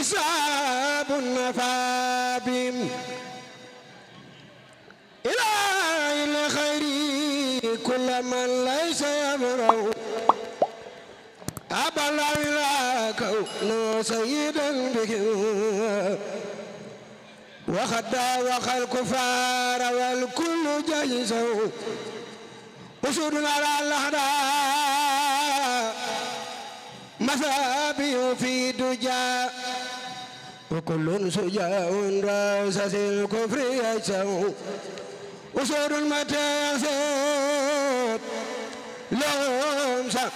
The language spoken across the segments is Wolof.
حساب نفى بهم إلهي الخير كل من ليس يبرأ أبا لا إله سيدا بهم وخدا وخا الكفار والكل جيزه وسود على الأحداث مثابه في دجا وكل سجاء رأس الكفر يجسم وصور المتاسات لهم سا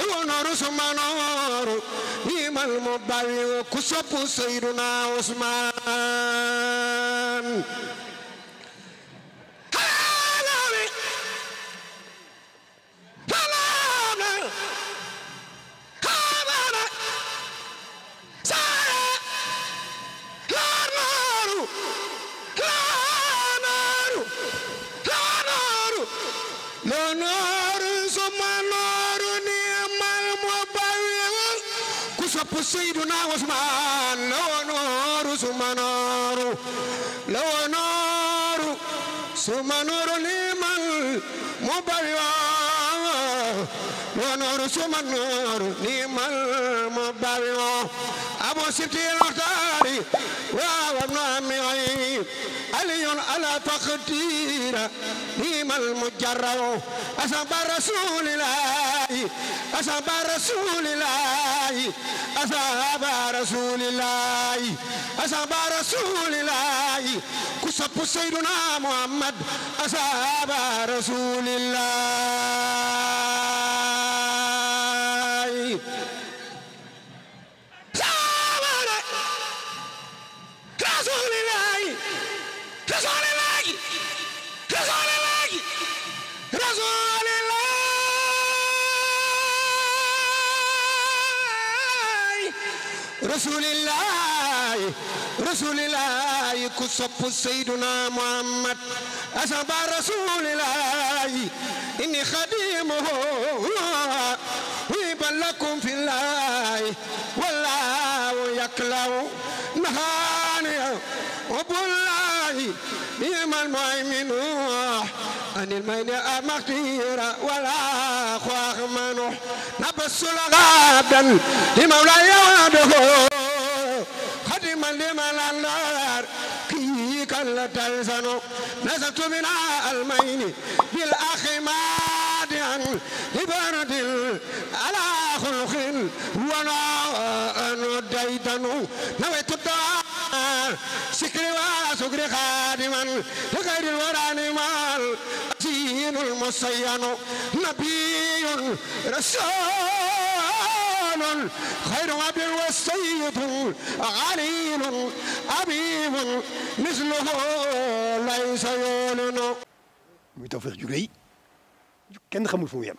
هو نور ثم نور نيم المباوي وكسب سيدنا عثمان sopp Seydina Usmaan lawa nooru suma nooru lawa nooru suma nooru limal mu bari ونور ثم النور نيم المبدع أبو سبتي المختار وابن عمي علي على تقدير نيم المجرع أصحاب رسول الله أصحاب رسول الله أصحاب رسول الله أصحاب رسول الله كسب سيدنا محمد أصحاب رسول الله rasulillahi rasulillahi ku sopp sayyiduna muhammad asaba rasulillahi inni xadimuhu wiban lakum fillahi wallahu yaklaw nahani ubul الله نعم المؤمن أن المين مغفير ولا أخواه منه نبس الغابا لمولاي وعده خدما لمن النار كي كلا تلزن نزلت من المين بالأخ مادعا لبرد على خلق ونوى أن ديدن نويت الدار سكري وسكري خادما لغير الورى نمال أسين المسين نبي رسول خير عبد وسيد عليل أبيب مثله ليس يولن muy tawfeex ju rëy kenn xamul fu mu yem